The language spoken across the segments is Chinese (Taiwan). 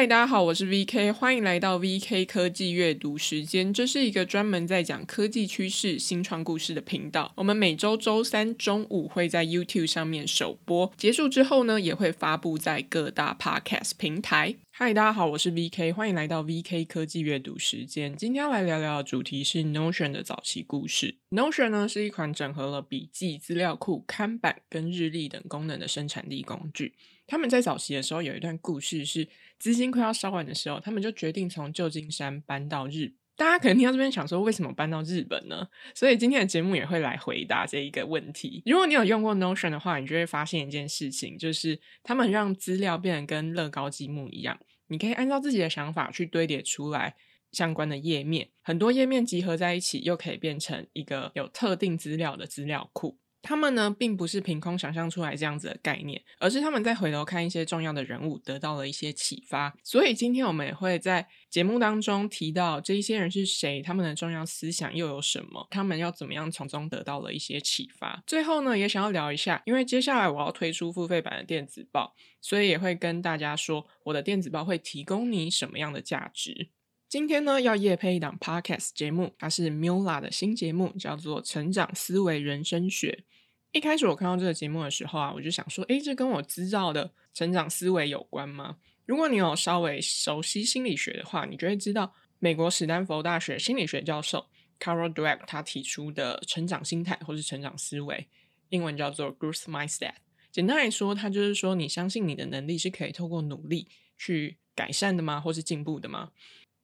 嗨，Hi，大家好，我是 V K，歡迎來到 V K 科技閱讀時間。這是一個專門在講科技趨勢、新創故事的頻道。我們每周周三中午會在 YouTube 上面首播，結束之後呢，也會發布在各大 Podcast 平台。嗨，大家好，我是 V K，歡迎來到 V K 科技閱讀時間。今天要來聊聊主題是 Notion 的早期故事。Notion 呢，是一款整合了筆記、資料庫、看板跟日曆等功能的生產力工具。他們在早期的時候有一段故事，是資金快要燒完的時候，他們就決定從舊金山搬到日。大家可能聽到這邊想說，為什麼搬到日本呢？所以今天的節目也會來回答這一個問題。如果你有用過 Notion 的話，你就會發現一件事情，就是他們讓資料變成跟樂高積木一樣，你可以按照自己的想法去堆疊出來相關的頁面，很多頁面集合在一起，又可以變成一個有特定資料的資料庫。他們呢，並不是憑空想象出來這樣子的概念，而是他們在回頭看一些重要的人物，得到了一些啟發。所以今天我們也會在節目當中提到這一些人是誰，他們的重要思想又有什麼，他們要怎麼樣從中得到了一些啟發。最後呢，也想要聊一下，因為接下來我要推出付費版的電子報，所以也會跟大家說我的電子報會提供你什麼樣的價值。今天呢，要業配一檔 Podcast 節目，它是 Miula 的新節目，叫做《成長思維人生學》。一開始我看到這個節目的時候啊，我就想說，誒，這跟我知道的成長思維有關嗎？如果你有稍微熟悉心理學的話，你就會知道，美國史丹佛大學心理學教授 Carol Dweck 他提出的成長心態或是成長思維，英文叫做 growth mindset。簡單來說，他就是說，你相信你的能力是可以透過努力去改善的嗎？或是進步的嗎？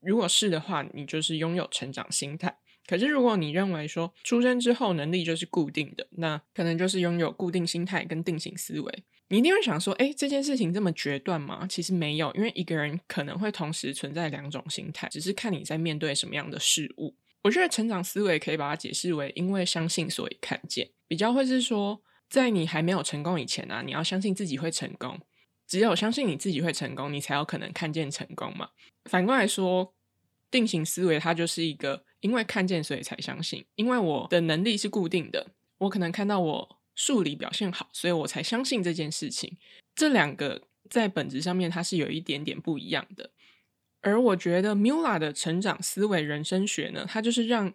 如果是的話，你就是擁有成長心態。可是，如果你認為說出生之後能力就是固定的，那可能就是擁有固定心態跟定型思維。你一定會想說，哎，這件事情這麼決斷嗎？其實沒有，因為一個人可能會同時存在兩種心態，只是看你在面對什麼樣的事物。我覺得成長思維可以把它解釋為，因為相信所以看見，比較會是說，在你還沒有成功以前啊，你要相信自己會成功。只有相信你自己會成功，你才有可能看見成功嘛。反過來說，定型思維它就是一個。因為看見，所以才相信。因為我的能力是固定的，我可能看到我數理表現好，所以我才相信這件事情。這兩個在本質上面它是有一點點不一樣的。而我覺得 Miula 的成長思維人生學呢，它就是讓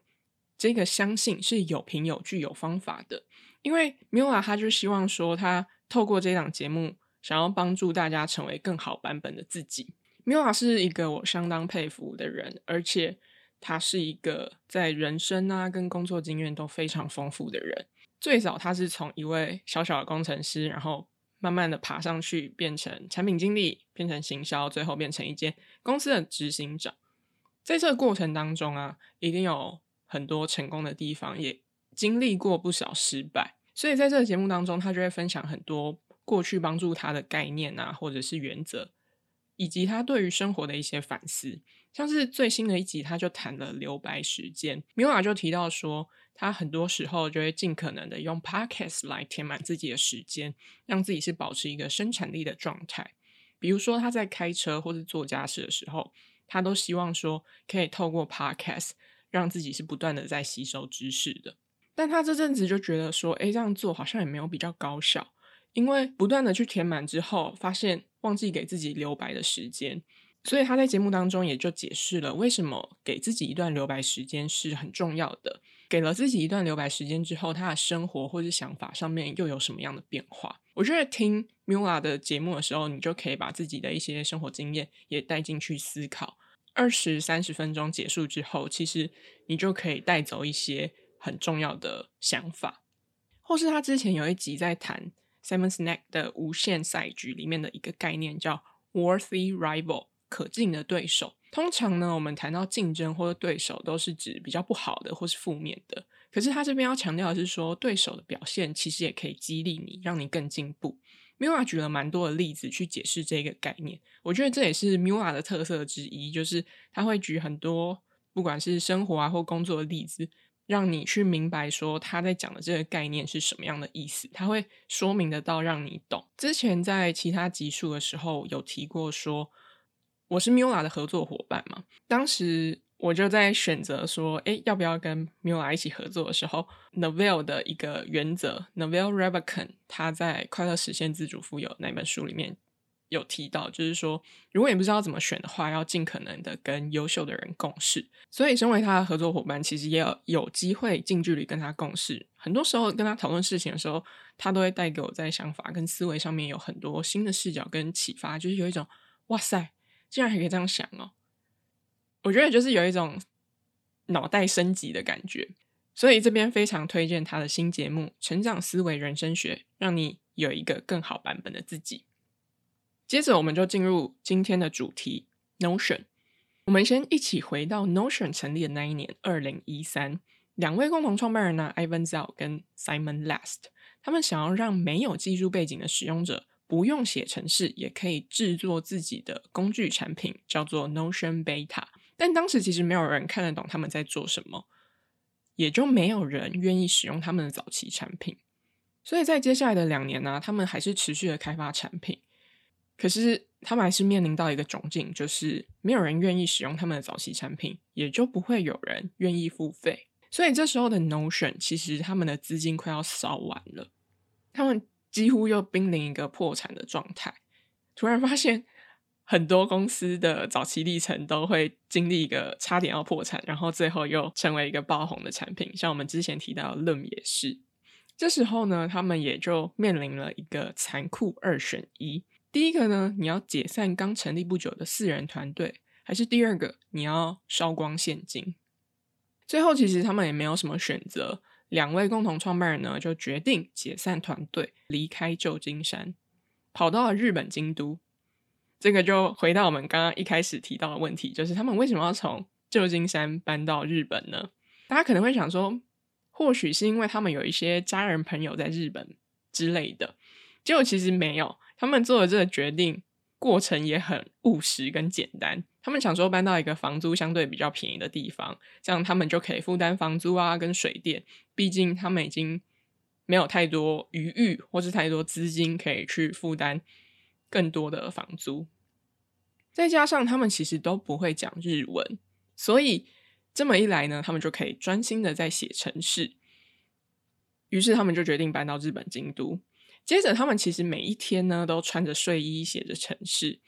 這個相信是有憑有據有方法的。因為 Miula 他就希望說，他透過這檔節目想要幫助大家成為更好版本的自己。Miula 是一個我相當佩服的人，而且。他是一個在人生啊跟工作經驗都非常豐富的人。最早他是從一位小小的工程師，然後慢慢的爬上去，變成產品經理，變成行銷，最後變成一間公司的執行長。在這個過程當中啊，一定有很多成功的地方，也經歷過不少失敗。所以在這個節目當中，他就會分享很多過去幫助他的概念啊，或者是原則，以及他對於生活的一些反思。像是最新的一集，他就談了留白時間。Miula 就提到說，他很多時候就會儘可能的用 podcast 來填滿自己的時間，讓自己是保持一個生產力的狀態。比如說，他在開車或是做家事的時候，他都希望說，可以透過 podcast 讓自己是不斷的在吸收知識的。但他這陣子就覺得說，哎、欸，這樣做好像也沒有比較高效，因為不斷的去填滿之後，發現忘記給自己留白的時間。所以他在節目當中也就解釋了為什麼給自己一段留白時間是很重要的。給了自己一段留白時間之後，他的生活或者想法上面又有什麼樣的變化？我覺得聽 Miula 的節目的時候，你就可以把自己的一些生活經驗也帶進去思考。二十三十分鐘結束之後，其實你就可以帶走一些很重要的想法。或是他之前有一集在談 Simon Sinek 的無限賽局裡面的一個概念，叫 Worthy Rival。可敬的對手，通常呢，我們談到競爭或者對手，都是指比較不好的或是負面的。可是他這邊要強調的是說，說對手的表現其實也可以激勵你，讓你更進步。Miula 舉了蠻多的例子去解釋這個概念，我覺得這也是 Miula 的特色之一，就是他會舉很多不管是生活啊或工作的例子，讓你去明白說他在講的這個概念是什麼樣的意思。他會說明得到讓你懂。之前在其他集數的時候有提過說。我是 Miula 的合作夥伴嘛，當時我就在選擇說，哎，要不要跟 Miula 一起合作的時候，Naval 的一個原則，Naval Ravikant 他在《快樂實現自主富有》那本書裡面有提到，就是說，如果你不知道怎麼選的話，要盡可能的跟優秀的人共事。所以，身為他的合作夥伴，其實也有有機會近距離跟他共事。很多時候跟他討論事情的時候，他都會帶給我在想法跟思維上面有很多新的視角跟啟發，就是有一種哇塞。竟然還可以這樣想哦！我覺得就是有一種腦袋升級的感覺，所以這邊非常推薦他的新節目《成長思維人生學》，讓你有一個更好版本的自己。接着，我們就進入今天的主題 Notion。我們先一起回到 Notion 成立的那一年，二零一三。兩位共同創辦人呢，Ivan Zhao 跟 Simon Last，他們想要讓沒有技術背景的使用者。不用寫程式，也可以製作自己的工具產品，叫做 Notion Beta。但當時其實沒有人看得懂他們在做什麼，也就沒有人願意使用他們的早期產品。所以在接下來的兩年呢、啊，他們還是持續的開發產品。可是他們還是面臨到一個窘境，就是沒有人願意使用他們的早期產品，也就不會有人願意付費。所以這時候的 Notion，其實他們的資金快要燒完了，他們。幾乎又瀕臨一個破產的狀態，突然發現很多公司的早期歷程都會經歷一個差點要破產，然後最後又成為一個爆紅的產品，像我們之前提到的論也是。這時候呢，他們也就面臨了一個殘酷二選一：第一個呢，你要解散剛成立不久的四人團隊，還是第二個，你要燒光現金？最後，其實他們也沒有什麼選擇。兩位共同創辦人呢，就決定解散團隊，離開舊金山，跑到了日本京都。這個就回到我們剛剛一開始提到的問題，就是他們為什麼要從舊金山搬到日本呢？大家可能會想說，或許是因為他們有一些家人朋友在日本之類的。結果其實沒有，他們做的這個決定過程也很務實跟簡單。他們想說搬到一個房租相對比較便宜的地方，這樣他們就可以負擔房租啊，跟水電。畢竟他們已經沒有太多餘裕，或是太多資金可以去負擔更多的房租。再加上他們其實都不會講日文，所以這麼一來呢，他們就可以專心的在寫程式。於是他們就決定搬到日本京都。接着他們其實每一天呢，都穿着睡衣寫着程式。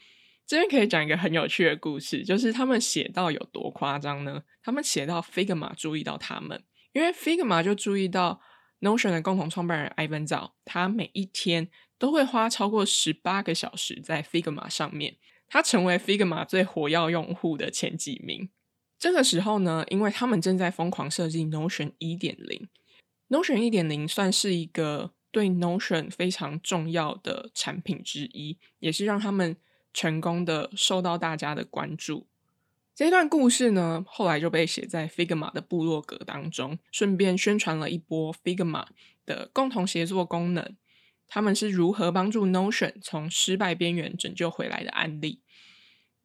這邊可以講一個很有趣的故事，就是他們寫到有多誇張呢？他們寫到 Figma 注意到他們，因為 Figma 就注意到 Notion 的共同創辦人 Ivan Zhao，他每一天都會花超過十八個小時在 Figma 上面，他成為 Figma 最活躍用戶的前幾名。這個時候呢，因為他們正在瘋狂設計 Notion 一點零，Notion 一點零算是一個對 Notion 非常重要的產品之一，也是讓他們。成功的受到大家的關注，這段故事呢，後來就被寫在 Figma 的部落格當中，順便宣傳了一波 Figma 的共同協作功能，他們是如何幫助 Notion 從失敗邊緣拯救回來的案例，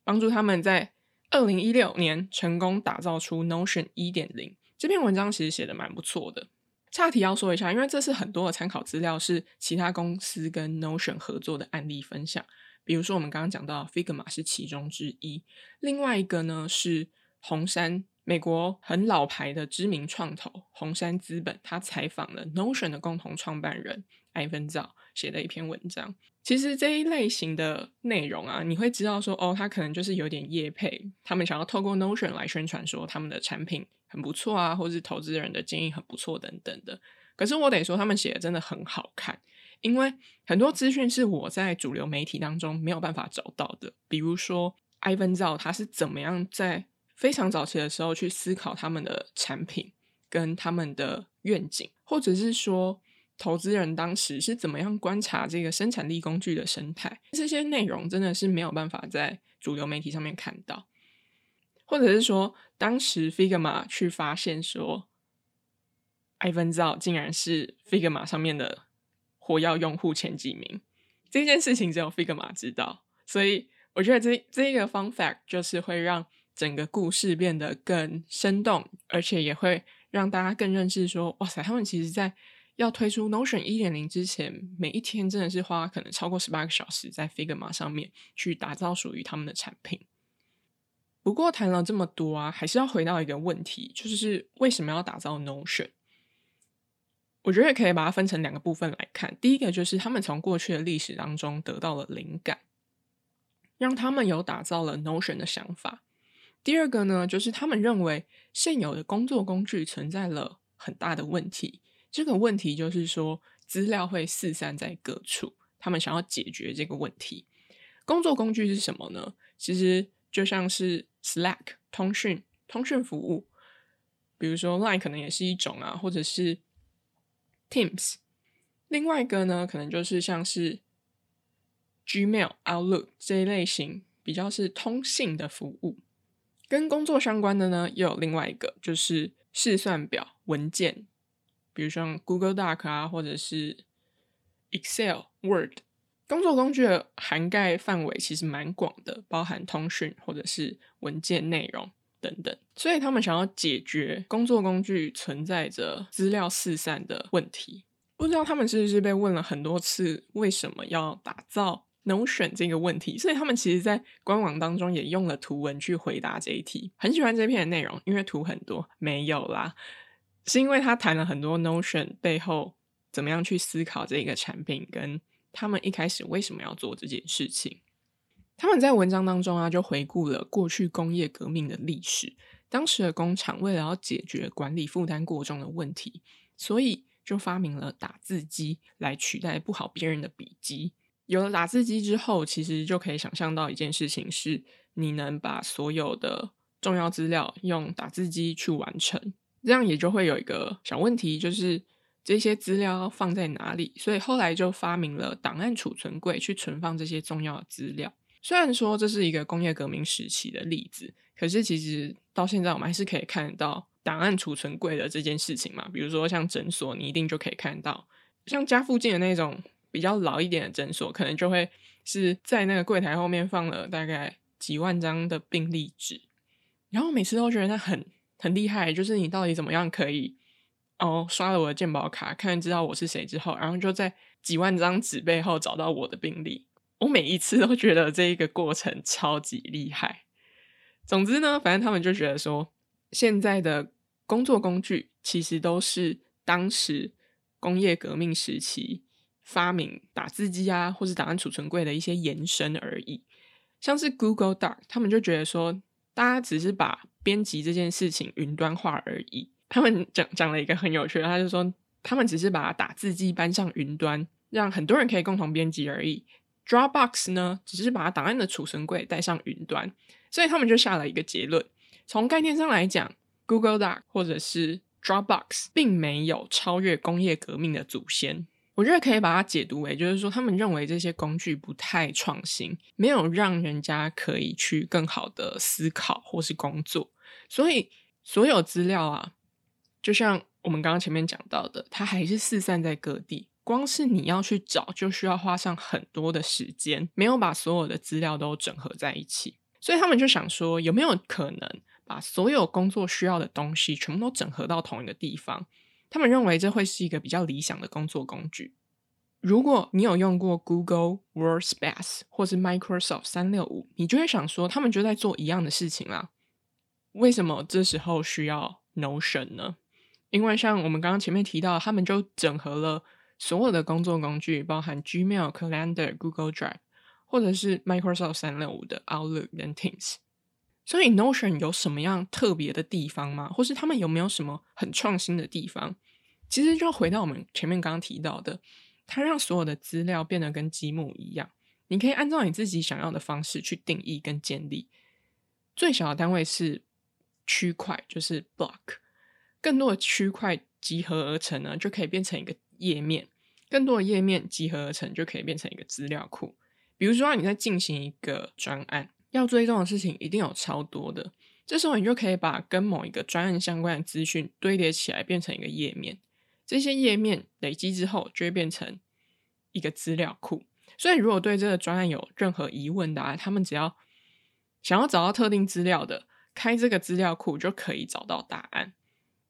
幫助他們在二零一六年成功打造出 Notion 一點零。這篇文章其實寫得蠻不錯的，岔題，要說一下，因為這次很多的參考資料是其他公司跟 Notion 合作的案例分享。比如說，我們剛剛講到 Figma 是其中之一，另外一個呢是紅杉，美國很老牌的知名創投紅杉資本，他採訪了 Notion 的共同創辦人 Ivan Zhao 寫的一篇文章。其實這一類型的內容啊，你會知道說，哦，他可能就是有點業配，他們想要透過 Notion 來宣傳說他們的產品很不錯啊，或是投資人的建議很不錯等等的。可是我得說，他們寫的真的很好看。因為很多資訊是我在主流媒體當中沒有辦法找到的，比如說 Ivan Zhao 他是怎麼樣在非常早期的時候去思考他們的產品跟他們的願景，或者是說，投資人當時是怎麼樣觀察這個生產力工具的生態，這些內容真的是沒有辦法在主流媒體上面看到，或者是說，當時 Figma 去發現說 Ivan Zhao 竟然是 Figma 上面的。活躍用戶前幾名這件事情只有 Figma 知道，所以我覺得這這一個 fun fact 就是會讓整個故事變得更生動，而且也會讓大家更認識說，哇塞，他們其實在要推出 Notion 一點零之前，每一天真的是花可能超過十八個小時在 Figma 上面去打造屬於他們的產品。不過談了這麼多啊，還是要回到一個問題，就是為什麼要打造 Notion？我覺得也可以把它分成兩個部分來看。第一個就是他們從過去的歷史當中得到了靈感，讓他們有打造了 Notion 的想法。第二個呢，就是他們認為現有的工作工具存在了很大的問題。這個問題就是說，資料會四散在各處，他們想要解決這個問題。工作工具是什麼呢？其實就像是 Slack 通訊通訊服務，比如說 Line 可能也是一種啊，或者是。Teams，另外一個呢，可能就是像是 Gmail、Outlook 這一類型比較是通信的服務，跟工作相關的呢，又有另外一個就是試算表文件，比如說 Google Doc 啊，或者是 Excel、Word。工作工具的涵蓋範圍其實蠻廣的，包含通訊或者是文件內容。等等，所以他們想要解決工作工具存在着資料四散的問題。不知道他們是不是被問了很多次為什麼要打造 Notion 這個問題？所以他們其實，在官網當中也用了圖文去回答這一題。很喜歡這篇的內容，因為圖很多。沒有啦，是因為他談了很多 Notion 背後怎麼樣去思考這個產品，跟他們一開始為什麼要做這件事情。他們在文章當中啊，就回顧了過去工業革命的歷史。當時的工廠為了要解決管理負擔過重的問題，所以就發明了打字機來取代不好辨認的筆跡。有了打字機之後，其實就可以想象到一件事情是：是你能把所有的重要資料用打字機去完成。這樣也就會有一個小問題，就是這些資料要放在哪裡？所以後來就發明了檔案儲存櫃去存放這些重要的資料。雖然說這是一個工業革命時期的例子，可是其實到現在我們還是可以看到檔案儲存櫃的這件事情嘛。比如說像診所，你一定就可以看到，像家附近的那種比較老一點的診所，可能就會是在那個櫃台後面放了大概幾萬張的病歷紙，然後每次都覺得他很很厲害，就是你到底怎麼樣可以哦刷了我的健保卡，看知道我是誰之後，然後就在幾萬張紙背後找到我的病歷。我每一次都覺得這一個過程超級厲害。總之呢，反正他們就覺得說，現在的工作工具其實都是當時工業革命時期發明打字機啊，或是檔案儲存櫃的一些延伸而已。像是 Google Doc，他們就覺得說，大家只是把編輯這件事情雲端化而已。他們講講了一個很有趣的，他就說，他們只是把打字機搬上雲端，讓很多人可以共同編輯而已。Dropbox 呢，只是把檔案的儲存櫃帶上雲端，所以他們就下了一個結論：從概念上來講，Google Doc 或者是 Dropbox 並沒有超越工業革命的祖先。我覺得可以把它解讀為，就是說他們認為這些工具不太創新，沒有讓人家可以去更好的思考或是工作，所以所有資料啊，就像我們剛剛前面講到的，它還是四散在各地。光是你要去找，就需要花上很多的時間，沒有把所有的資料都整合在一起，所以他們就想說，有沒有可能把所有工作需要的東西全部都整合到同一個地方？他們認為這會是一個比較理想的工作工具。如果你有用過 Google Workspace 或是 Microsoft 三六五，你就會想說，他們就在做一樣的事情啦。為什麼這時候需要 Notion 呢？因為像我們剛剛前面提到，他們就整合了。所有的工作工具，包含 Gmail、Calendar、Google Drive，或者是 Microsoft 三六五的 Outlook 跟 Teams。所以 Notion 有什麼樣特別的地方嗎？或是他們有沒有什麼很創新的地方？其實就回到我們前面剛剛提到的，它讓所有的資料變得跟積木一樣，你可以按照你自己想要的方式去定義跟建立。最小的單位是區塊，就是 block，更多的區塊集合而成呢，就可以變成一個。頁面，更多的頁面集合而成，就可以變成一個資料庫。比如說，你在進行一個專案，要追蹤的事情一定有超多的，這時候你就可以把跟某一個專案相關的資訊堆疊起來，變成一個頁面。這些頁面累積之後，就會變成一個資料庫。所以，如果對這個專案有任何疑問的啊，他們只要想要找到特定資料的，開這個資料庫就可以找到答案。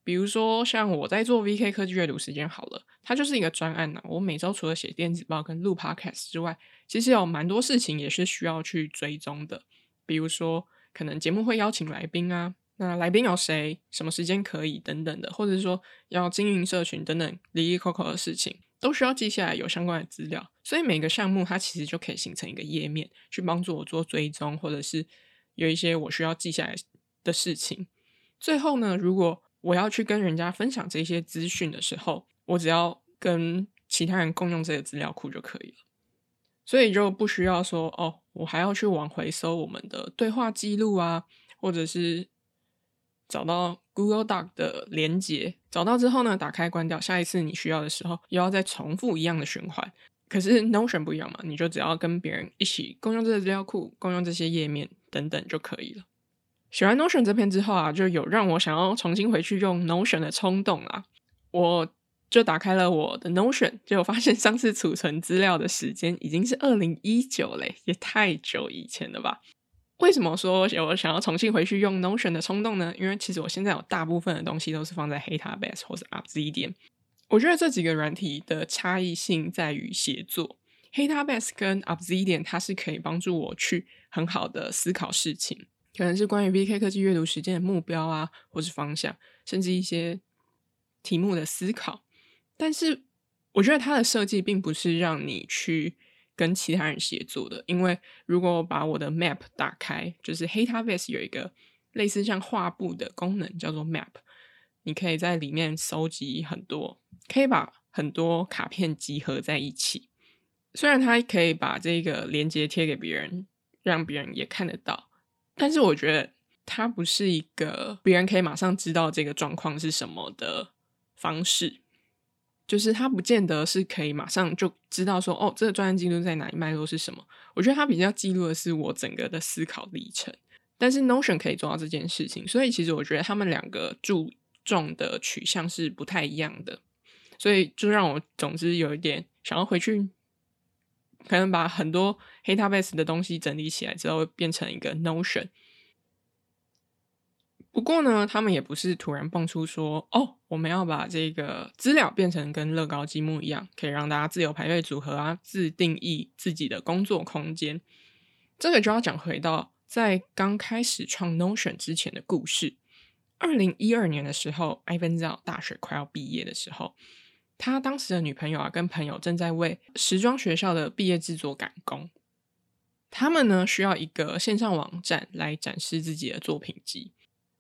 比如說，像我在做 VK 科技閱讀時間好了，它就是一個專案呢、啊。我每周除了寫電子報跟錄 Podcast 之外，其實有蠻多事情也是需要去追蹤的。比如說，可能節目會邀請來賓啊，那來賓有誰、什麼時間可以等等的，或者是說要經營社群等等，利益口口的事情，都需要記下來，有相關的資料。所以每個項目它其實就可以形成一個頁面，去幫助我做追蹤，或者是有一些我需要記下來的事情。最後呢，如果我要去跟人家分享這些資訊的時候，我只要跟其他人共用這個資料庫就可以了，所以就不需要說哦，我還要去往回搜我們的對話記錄啊，或者是找到 Google Doc 的連接，找到之後呢，打開關掉，下一次你需要的時候又要再重複一樣的循環。可是 Notion 不一樣嘛，你就只要跟別人一起共用這個資料庫，共用這些頁面等等就可以了。寫完 Notion 這篇之後啊，就有讓我想要重新回去用 Notion 的衝動啦、啊。我就打開了我的 Notion，結果發現上次儲存資料的時間已經是二零一九嘞，也太久以前了吧？為什麼說有我想要重新回去用 Notion 的衝動呢？因為其實我現在有大部分的東西都是放在黑塔 Base 或者 Obsidian。我覺得這幾個軟體的差異性在於協作。黑塔 Base 跟 Obsidian 它是可以幫助我去很好的思考事情。可能是關於 VK 科技閱讀時間的目標啊，或是方向，甚至一些題目的思考。但是，我覺得它的設計並不是讓你去跟其他人協作的。因為如果我把我的 Map 打開，就是 Heptabase 有一個類似像畫布的功能，叫做 Map。你可以在裡面收集很多，可以把很多卡片集合在一起。雖然它可以把這個連接貼給別人，讓別人也看得到。但是我覺得它不是一個別人可以馬上知道這個狀況是什麼的方式，就是它不見得是可以馬上就知道說哦，這個專案記錄在哪裡脈絡是什麼。我覺得它比較記錄的是我整個的思考歷程，但是 Notion 可以做到這件事情，所以其實我覺得他們兩個注重的取向是不太一樣的，所以就讓我總之有一點想要回去。可能把很多黑 tabes 的東西整理起來之後，變成一個 Notion。不過呢，他們也不是突然蹦出說：“哦，我們要把這個資料變成跟樂高積木一樣，可以讓大家自由排列組合啊，自定義自己的工作空間。”這個就要講回到在剛開始創 Notion 之前的故事。二零一二年的時候，Ivan Zhao 大學快要畢業的時候。他當時的女朋友啊，跟朋友正在為時裝學校的畢業製作趕工。他們呢，需要一個線上網站來展示自己的作品集，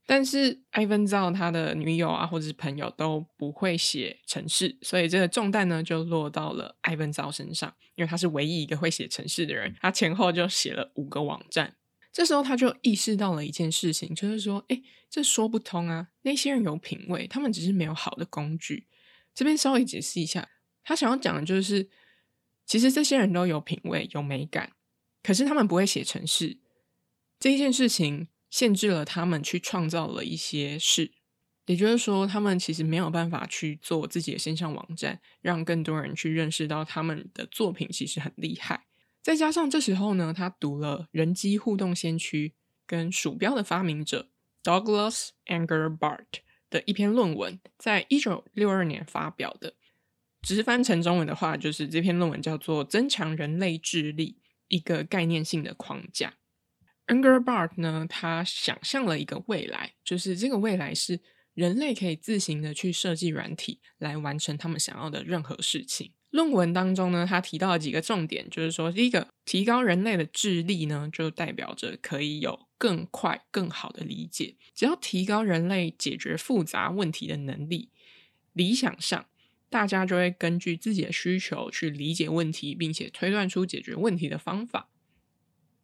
但是 Ivan Zhao 他的女友啊，或者是朋友都不會寫程式，所以這個重擔呢就落到了 Ivan Zhao 身上，因為他是唯一一個會寫程式的人。他前後就寫了五個網站。這時候他就意識到了一件事情，就是說，哎，這說不通啊。那些人有品味，他們只是沒有好的工具。這邊稍微解釋一下，他想要講的就是，其實這些人都有品味、有美感，可是他們不會寫程式，這一件事情限制了他們去創造了一些事，也就是說，他們其實沒有辦法去做自己的線上網站，讓更多人去認識到他們的作品其實很厲害。再加上這時候呢，他讀了人機互動先驅跟鼠標的發明者 Douglas Engelbart。的一篇論文，在一九六二年發表的。直翻成中文的話，就是這篇論文叫做《增強人類智力：一個概念性的框架》。Engelbart 呢，他想象了一個未來，就是這個未來是人類可以自行的去設計軟體，來完成他們想要的任何事情。論文當中呢，他提到了幾個重點，就是說，第一個，提高人類的智力呢，就代表着可以有更快、更好的理解。只要提高人類解決複雜問題的能力，理想上，大家就會根據自己的需求去理解問題，並且推斷出解決問題的方法。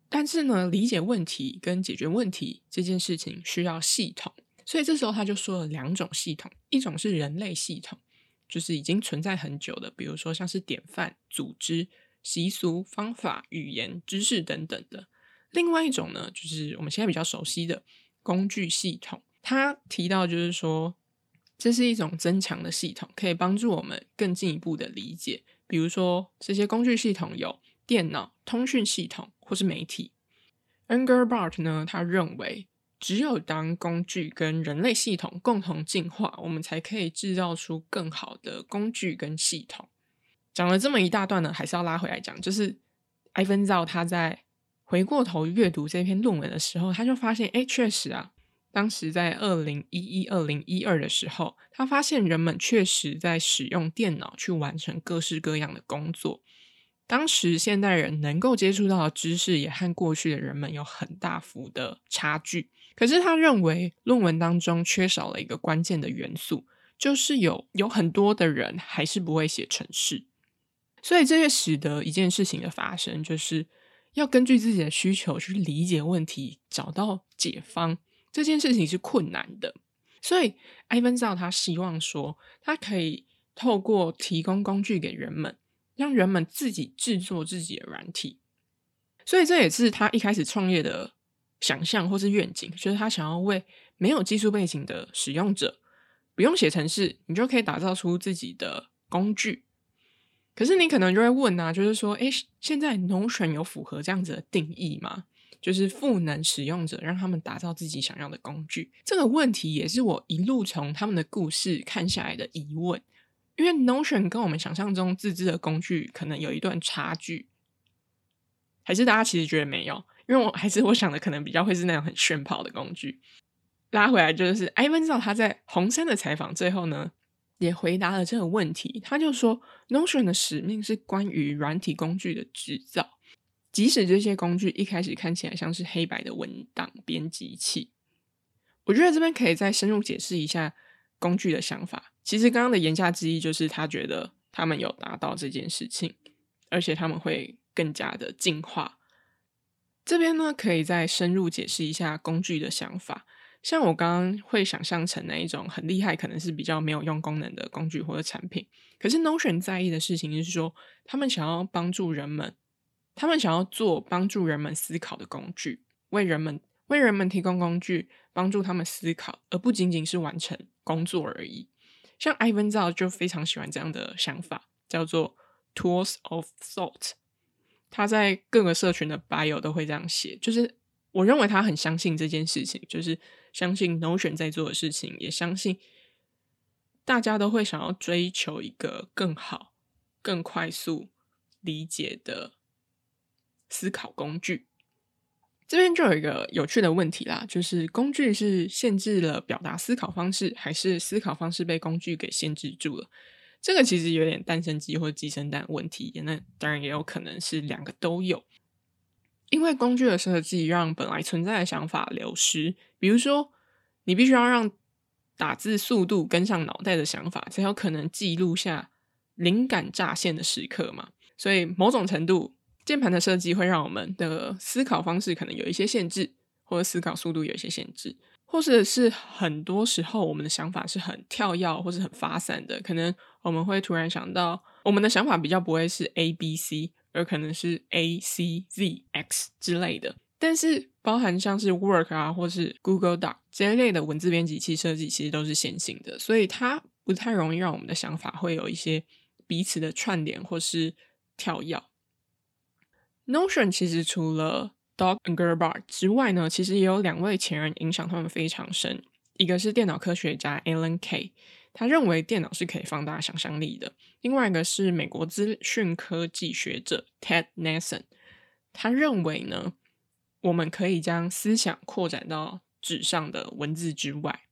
但是呢，理解問題跟解決問題這件事情需要系統，所以這時候他就說了兩種系統，一種是人類系統。就是已經存在很久的，比如說像是典範、組織、習俗、方法、語言、知識等等的。另外一種呢，就是我們現在比較熟悉的工具系統。他提到，就是說這是一種增強的系統，可以幫助我們更進一步的理解。比如說這些工具系統有電腦、通訊系統或是媒體。Engelbart 呢，他認為。只有當工具跟人類系統共同進化，我們才可以制造出更好的工具跟系統。講了這麼一大段呢，還是要拉回來講，就是 Ivan Zhao 他在回過頭閱讀這篇論文的時候，他就發現，哎，確實啊，當時在二零一一、二零一二的時候，他發現人們確實在使用電腦去完成各式各樣的工作。當時現代人能夠接觸到的知識，也和過去的人們有很大幅的差距。可是他認為論文當中缺少了一個關鍵的元素，就是有有很多的人還是不會寫程式，所以這也使得一件事情的發生，就是要根據自己的需求去理解問題，找到解方，這件事情是困難的。所以 Ivan Zhao 他希望說，他可以透過提供工具給人們，讓人們自己製作自己的軟體，所以這也是他一開始創業的想象或是願景，就是他想要為沒有技術背景的使用者，不用寫程式，你就可以打造出自己的工具。可是你可能就會問啊，就是說，誒、欸，現在 Notion 有符合這樣子的定義嗎？就是賦能使用者，讓他們打造自己想要的工具。這個問題也是我一路從他們的故事看下來的疑問，因為 Notion 跟我們想象中自制的工具可能有一段差距，還是大家其實覺得沒有？因為我還是我想的，可能比較會是那種很炫砲的工具。拉回來就是艾文 Zhao，他在紅杉的採訪最後呢，也回答了這個問題。他就說，Notion 的使命是關於軟體工具的制造，即使這些工具一開始看起來像是黑白的文檔編輯器。我覺得這邊可以再深入解釋一下工具的想法。其實剛剛的言下之意就是，他覺得他們有達到這件事情，而且他們會更加的進化。這邊呢，可以再深入解釋一下工具的想法。像我剛剛會想象成那一種很厲害，可能是比較沒有用功能的工具或者產品。可是 Notion 在意的事情就是說，他們想要幫助人們，他們想要做幫助人們思考的工具，為人們為人們提供工具，幫助他們思考，而不僅僅是完成工作而已。像 Ivan Zhao 就非常喜歡這樣的想法，叫做 Tools of Thought。他在各個社群的 bio 都會這樣寫，就是我認為他很相信這件事情，就是相信 Notion 在做的事情，也相信大家都會想要追求一個更好、更快速理解的思考工具。這邊就有一個有趣的問題啦，就是工具是限制了表達思考方式，還是思考方式被工具給限制住了？這個其實有點蛋生雞或者雞生蛋問題，那當然也有可能是兩個都有。因為工具的設計讓本來存在的想法流失，比如說你必須要讓打字速度跟上腦袋的想法，才有可能記錄下靈感乍現的時刻嘛。所以某種程度，鍵盤的設計會讓我們的思考方式可能有一些限制，或者思考速度有一些限制。或者是很多時候，我們的想法是很跳躍或是很發散的，可能我們會突然想到，我們的想法比較不會是 A B C，而可能是 A C Z X 之類的。但是包含像是 Work 啊，或是 Google Doc 這一類的文字編輯器設計，其實都是線性的，所以它不太容易讓我們的想法會有一些彼此的串聯或是跳躍。Notion 其實除了 Doug Engelbart 之外呢，其實也有兩位前人影響他們非常深。一個是電腦科學家 Alan Kay，他認為電腦是可以放大想象力的；另外一個是美國資訊科技學者 Ted Nelson，他認為呢，我們可以將思想擴展到紙上的文字之外。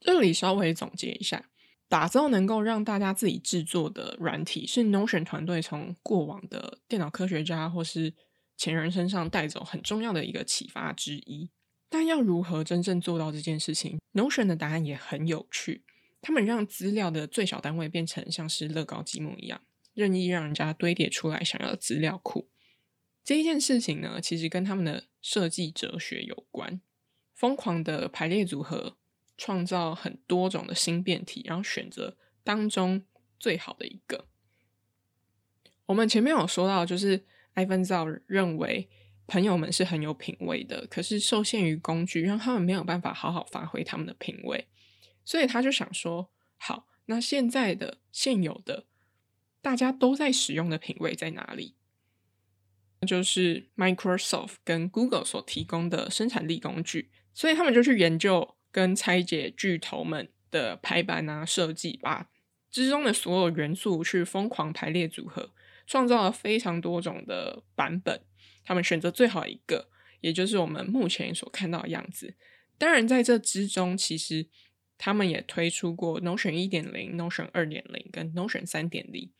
這裡稍微總結一下：打造能夠讓大家自己制作的軟體，是 Notion 團隊從過往的電腦科學家或是。前人身上帶走很重要的一個啟發之一，但要如何真正做到這件事情 Notion 的答案也很有趣。他們讓資料的最小單位變成像是樂高積木一樣，任意讓人家堆疊出來想要的資料庫。這一件事情呢，其實跟他們的設計哲學有關：瘋狂的排列組合，創造很多種的新變體，然後選擇當中最好的一個。我們前面有說到，就是。Ivan Zhao 認為朋友們是很有品味的，可是受限於工具，讓他們沒有辦法好好發揮他們的品味，所以他就想說：好，那現在的現有的大家都在使用的品味在哪裡？就是 Microsoft 跟 Google 所提供的生產力工具，所以他們就去研究跟拆解巨頭們的排版啊、設計啊之中的所有元素，去瘋狂排列組合。創造了非常多種的版本，他們選擇最好一個，也就是我們目前所看到的樣子。當然，在這之中，其實他們也推出過 Notion 一點零、Notion 二點零跟 Notion 三點零。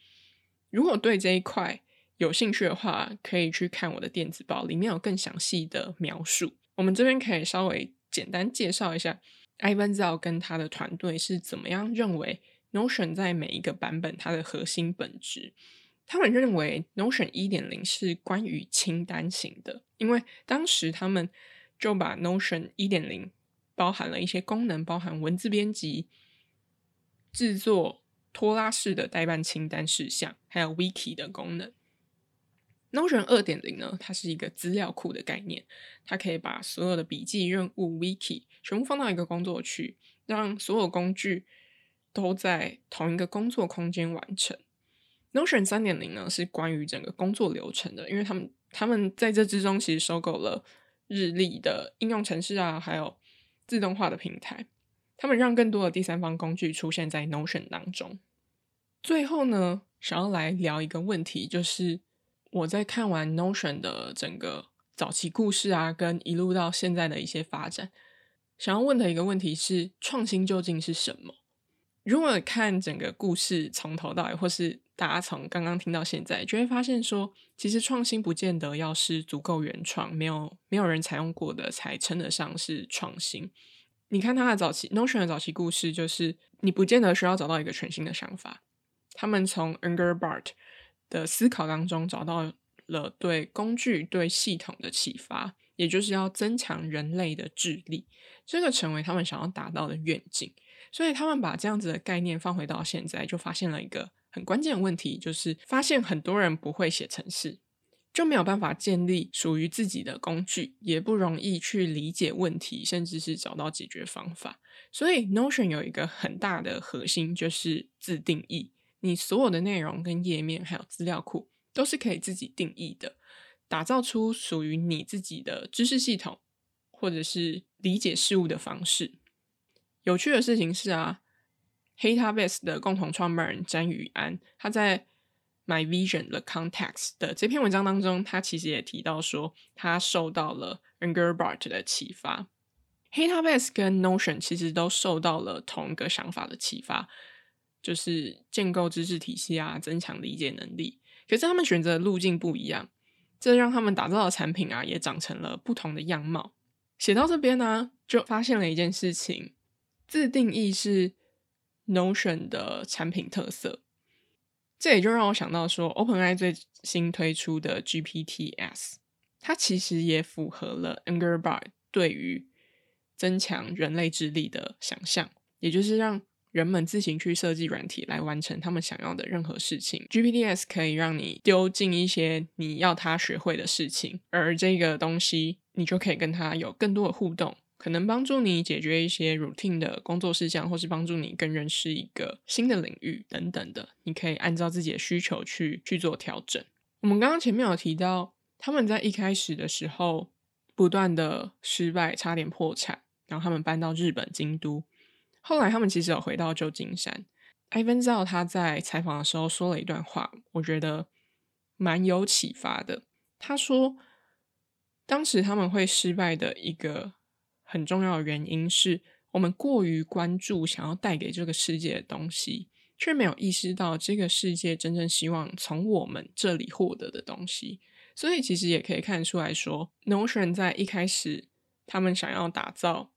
如果對這一塊有興趣的話，可以去看我的電子報，裡面有更詳細的描述。我們這邊可以稍微簡單介紹一下 Ivan Zhao 跟他的團隊是怎麼樣認為 Notion 在每一個版本它的核心本質。他們認為 Notion 一點零是關於清單型的，因為當時他們就把 Notion 一點零包含了一些功能，包含文字編輯、制作拖拉式的待辦清單事項，還有 Wiki 的功能。Notion 二點零呢，它是一個資料庫的概念，它可以把所有的筆記、任務、Wiki 全部放到一個工作區，讓所有工具都在同一個工作空間完成。Notion 三點零呢，是關於整個工作流程的，因為他們他們在這之中其實收購了日曆的應用程式啊，還有自動化的平台，他們讓更多的第三方工具出現在 Notion 當中。最後呢，想要來聊一個問題，就是我在看完 Notion 的整個早期故事啊，跟一路到現在的一些發展，想要問的一個問題是：創新究竟是什麼？如果看整個故事從頭到尾，或是大家從剛剛聽到現在，就會發現說，其實創新不見得要是足夠原創，沒有沒有人採用過的才稱得上是創新。你看他的早期 Notion 的早期故事，就是你不見得需要找到一個全新的想法。他們從 Engelbart 的思考當中找到了對工具、對系統的啟發，也就是要增強人類的智力，這個成為他們想要達到的願景。所以他們把這樣子的概念放回到現在，就發現了一個。很關鍵的問題就是，發現很多人不會寫程式，就沒有辦法建立屬於自己的工具，也不容易去理解問題，甚至是找到解決方法。所以 Notion 有一個很大的核心就是自定義，你所有的內容跟頁面還有資料庫都是可以自己定義的，打造出屬於你自己的知識系統，或者是理解事物的方式。有趣的事情是啊。Heptabase 的共同創辦人詹雨安，他在《My Vision》《The Context》的這篇文章當中，他其實也提到說，他受到了 Engelbart 的啟發。Heptabase 跟 Notion 其實都受到了同一個想法的啟發，就是建構知識體系啊，增強理解能力。可是他們選擇的路徑不一樣，這讓他們打造的產品啊，也長成了不同的樣貌。寫到這邊呢、啊，就發現了一件事情：自定義是。Notion 的產品特色，這也就讓我想到說，OpenAI 最新推出的 GPTs，它其實也符合了 Engelbart 對於增強人類智力的想象，也就是讓人們自行去設計軟體來完成他們想要的任何事情。GPTs 可以讓你丟進一些你要他學會的事情，而這個東西你就可以跟他有更多的互動。可能幫助你解決一些 routine 的工作事項，或是幫助你更認識一個新的領域等等的。你可以按照自己的需求去去做調整。我們剛剛前面有提到，他們在一開始的時候不斷的失敗，差點破產，然後他們搬到日本京都，後來他們其實有回到舊金山。Ivan Zhao 他在採訪的時候說了一段話，我覺得蠻有啟發的。他說，當時他們會失敗的一個。很重要的原因是我們過於關注想要帶給這個世界的東西，卻沒有意識到這個世界真正希望從我們這裡獲得的東西。所以其實也可以看出來說，Notion 在一開始他們想要打造，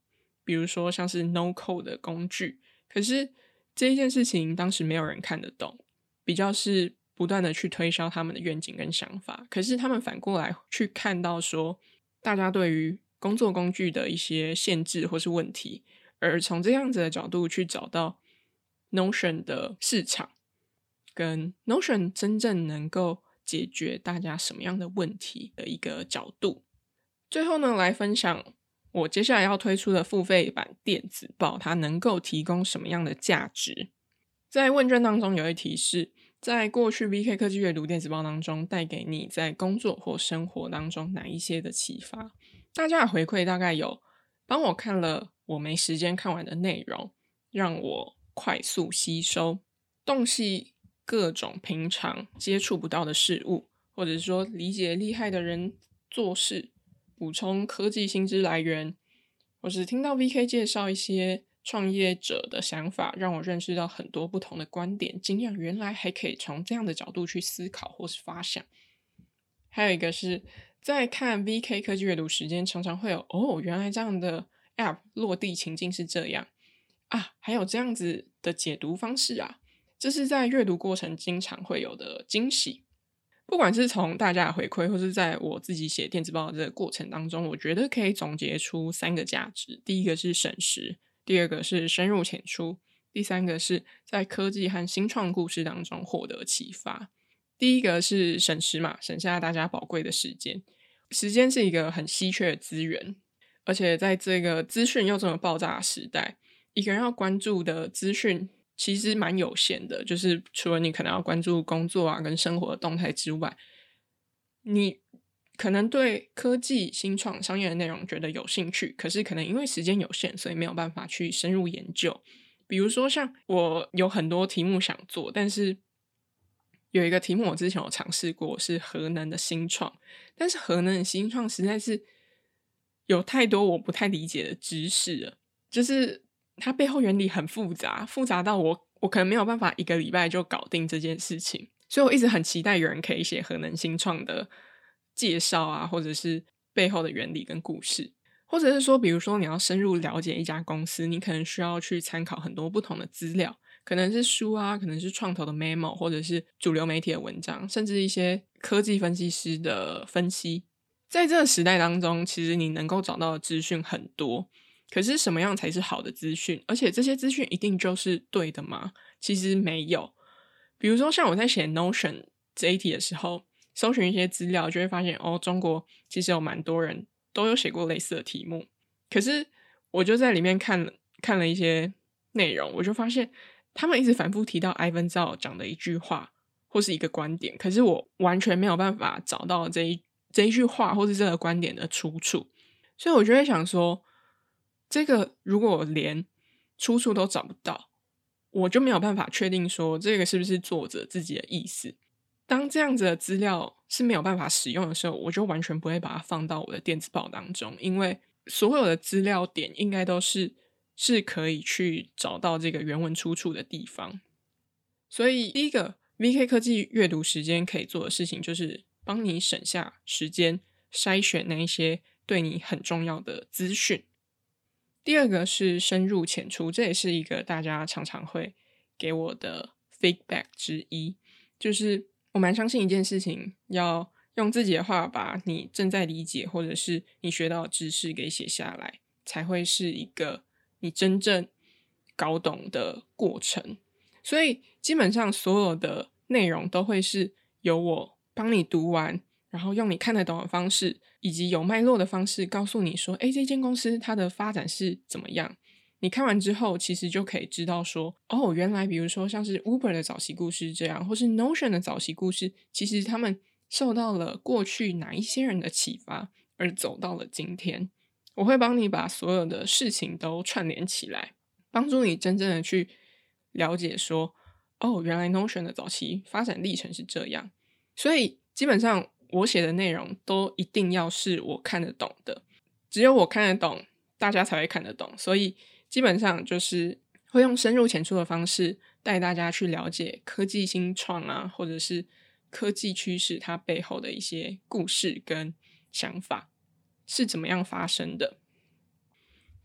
比如說像是 No Code 的工具，可是這一件事情當時沒有人看得懂，比較是不斷地去推銷他們的願景跟想法。可是他們反過來去看到說，大家對於。工作工具的一些限制，或是問題，而從這樣子的角度去找到 Notion 的市場跟 Notion 真正能夠解決大家什麼樣的問題的一個角度。最後呢，來分享我接下來要推出的付費版電子報，它能夠提供什麼樣的價值？在問卷當中有一題是，在過去 VK 科技閱讀電子報當中帶給你在工作或生活當中哪一些的啟發？大家的回饋大概有幫我看了我沒時間看完的內容，讓我快速吸收，洞悉各種平常接觸不到的事物，或者是說理解厲害的人做事，補充科技新知來源。我是聽到 V.K 介紹一些創業者的想法，讓我認識到很多不同的觀點，驚訝原來還可以從這樣的角度去思考或是發想。還有一個是，在看 VK 科技閱讀時間，常常會有哦，原來這樣的 App 落地情境是這樣啊，還有這樣子的解讀方式啊，這是在閱讀過程經常會有的驚喜。不管是從大家的回饋，或是在我自己寫電子報的這個過程當中，我覺得可以總結出三個價值：第一個是省時，第二個是深入淺出，第三個是在科技和新創故事當中獲得啟發。第一個是省時嘛，省下大家寶貴的時間。時間是一個很稀缺的資源，而且在這個資訊又這麼爆炸的時代，一個人要關注的資訊其實蠻有限的。就是除了你可能要關注工作啊跟生活的動態之外，你可能對科技、新創、商業的內容覺得有興趣，可是可能因為時間有限，所以沒有辦法去深入研究。比如說，像我有很多題目想做，但是。有一個題目我之前有嘗試過，是核能的新創，但是核能的新創實在是有太多我不太理解的知識了，就是它背後原理很複雜，複雜到我我可能沒有辦法一個禮拜就搞定這件事情，所以我一直很期待有人可以寫核能新創的介紹啊，或者是背後的原理跟故事，或者是說，比如說你要深入了解一家公司，你可能需要去參考很多不同的資料。可能是書啊，可能是創投的 memo，或者是主流媒體的文章，甚至一些科技分析師的分析。在這個時代當中，其實你能夠找到的資訊很多，可是什麼樣才是好的資訊？而且這些資訊一定就是對的嗎？其實沒有。比如說，像我在寫 Notion 這一題的時候，搜尋一些資料，就會發現哦，中國其實有蠻多人都有寫過類似的題目。可是我就在裡面看看了一些內容，我就發現，他們一直反覆提到 Ivan Zhao 講的一句話或是一個觀點，可是我完全沒有辦法找到這一這一句話或是這個觀點的出處，所以我就會想說，這個如果我連出處都找不到，我就沒有辦法確定說這個是不是作者自己的意思。當這樣子的資料是沒有辦法使用的時候，我就完全不會把它放到我的電子報當中，因為所有的資料點應該都是。是可以去找到這個原文出處的地方，所以第一個 VK 科技閱讀時間可以做的事情就是幫你省下時間篩選那一些對你很重要的資訊。第二個是深入淺出，這也是一個大家常常會給我的 feedback 之一，就是我蠻相信一件事情，要用自己的話把你正在理解或者是你學到的知識給寫下來，才會是一個你真正搞懂的過程，所以基本上所有的內容都會是由我幫你讀完，然後用你看得懂的方式，以及有脈絡的方式告訴你說，哎，這間公司它的發展是怎麼樣？你看完之後，其實就可以知道說，哦，原來比如說像是 Uber 的早期故事這樣，或是 Notion 的早期故事，其實他們受到了過去哪一些人的啟發，而走到了今天。我會幫你把所有的事情都串聯起來，幫助你真正的去了解說，哦，原來 Notion 的早期發展歷程是這樣。所以基本上我寫的內容都一定要是我看得懂的，只有我看得懂，大家才會看得懂。所以基本上就是會用深入淺出的方式帶大家去了解科技新創啊，或者是科技趨勢它背後的一些故事跟想法。是怎麼樣發生的？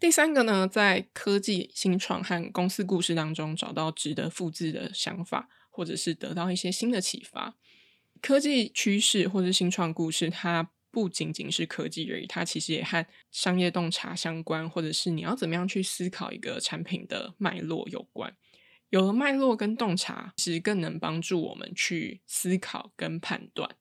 第三個呢，在科技新創和公司故事當中找到值得複製的想法，或者是得到一些新的啟發。科技趨勢或是新創故事，它不僅僅是科技而已，它其實也和商業洞察相關，或者是你要怎麼樣去思考一個產品的脈絡有關。有了脈絡跟洞察，其實更能幫助我們去思考跟判斷。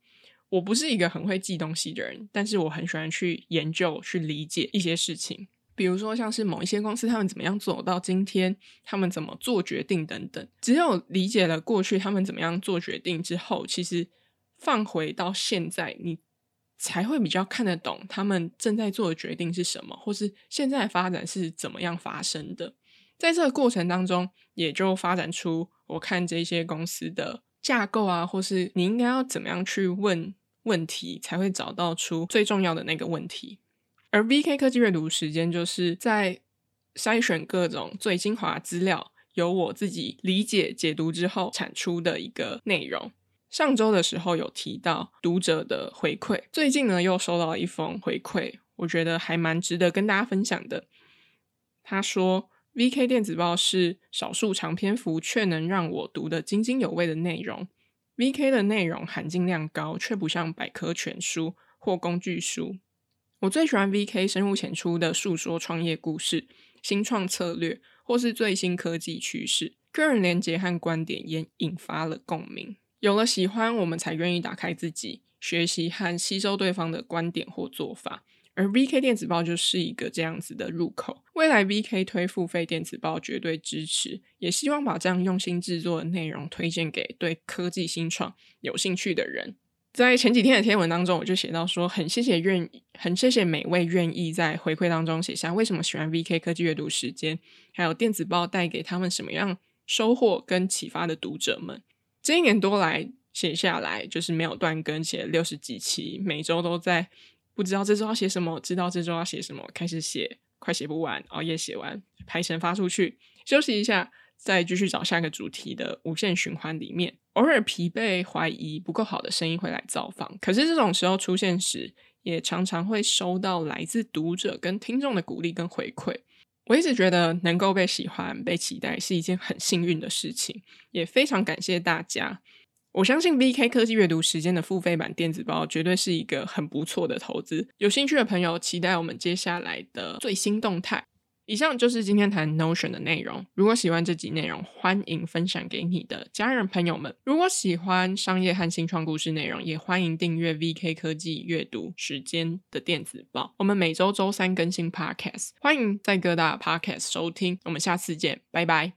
我不是一個很會記東西的人，但是我很喜歡去研究、去理解一些事情，比如說像是某一些公司他們怎麼樣走到今天，他們怎麼做決定等等。只有理解了過去他們怎麼樣做決定之後，其實放回到現在，你才會比較看得懂他們正在做的決定是什麼，或是現在的發展是怎麼樣發生的。在這個過程當中，也就發展出我看這些公司的架構啊，或是你應該要怎麼樣去問。問題才會找到出，最重要的那個問題，而 VK 科技閱讀時間就是在篩選各種最精華資料，由我自己理解解讀之後產出的一個內容。上周的時候有提到讀者的回饋，最近呢又收到了一封回饋，我覺得還蠻值得跟大家分享的。他說 VK 電子報是少數長篇幅卻能讓我讀得津津有味的內容。V K 的內容含金量高，卻不像百科全書或工具書。我最喜歡 V K 深入淺出的訴說創業故事、新創策略，或是最新科技趨勢。個人連結和觀點也引發了共鳴。有了喜歡，我們才願意打開自己，學習和吸收對方的觀點或做法。而 VK 電子報就是一個這樣子的入口。未來 VK 推付費電子報絕對支持，也希望把這樣用心制作的內容推薦給對科技新創有興趣的人。在前幾天的貼文當中，我就寫到說，很謝謝願，很謝謝每位願意在回饋當中寫下為什麼喜歡 VK 科技閱讀時間，還有電子報帶給他們什麼樣收穫跟啟發的讀者們。這一年多來寫下來，就是沒有斷更，寫六十幾期，每週都在。不知道這週要寫什麼，知道這週要寫什麼，開始寫，快寫不完，熬夜寫完，排成發出去，休息一下，再繼續找下一個主題的無限循環裡面，偶爾疲憊、懷疑不夠好的聲音會來造訪，可是這種時候出現時，也常常會收到來自讀者跟聽眾的鼓勵跟回饋。我一直覺得能夠被喜歡、被期待是一件很幸運的事情，也非常感謝大家。我相信 V K 科技閱讀時間的付費版電子報絕對是一個很不錯的投資。有興趣的朋友，期待我們接下來的最新動態。以上就是今天談 Notion 的內容。如果喜歡這集內容，歡迎分享給你的家人朋友們。如果喜歡商業和新創故事內容，也歡迎訂閱 V K 科技閱讀時間的電子報。我們每周周三更新 Podcast，歡迎在各大 Podcast 收聽。我們下次見，拜拜。